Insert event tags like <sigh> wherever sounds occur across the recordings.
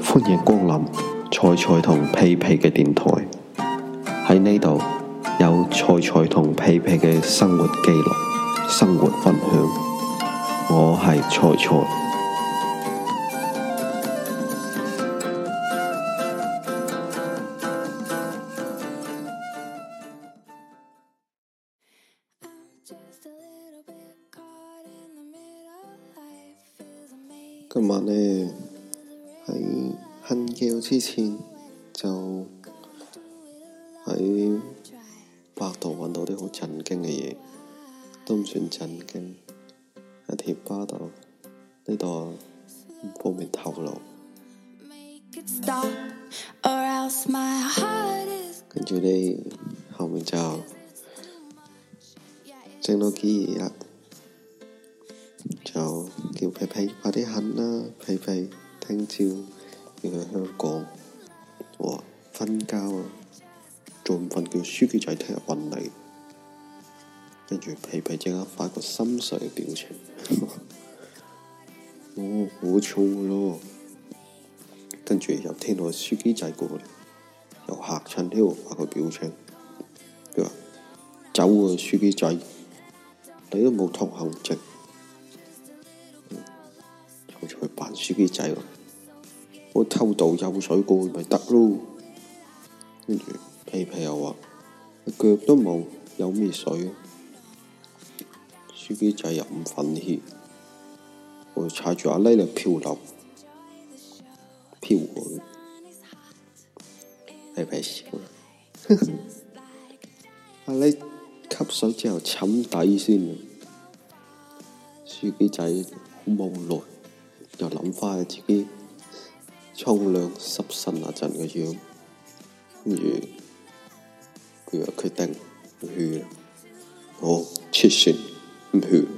歡迎光臨菜菜同屁屁嘅電台，喺呢度有菜菜同屁屁嘅生活記錄、生活分享。我係菜菜。今日呢，喺瞓覺之前就喺百度搵到啲好震驚嘅嘢，都唔算震驚，喺貼吧度，呢度唔方便透露。跟住呢，後面就整到幾日嘞。皮皮快啲瞓啦，皮皮聽朝要去香港，我瞓覺啊，仲唔瞓叫司機仔聽日搵你，跟住皮皮即刻發個心碎嘅表情，我我錯咯，跟住又聽到司機仔過嚟，又吓親添，我發個表情，佢話走啊，司機仔，你都冇通行證。小雞仔，我偷渡游水過去咪得咯，跟住皮皮又話腳都冇，有咩水？小雞仔又唔忿氣，我踩住阿麗嚟漂流，漂過，皮、哎、皮笑， <laughs> 阿麗吸水之後沉底先，小雞仔好無奈。又諗翻起自己沖涼濕身嗰陣嘅樣，跟住佢又決定唔去啦，我黐線唔去。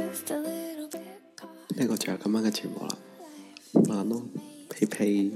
呢個就係今晚嘅全部啦，晚安咯，呸呸。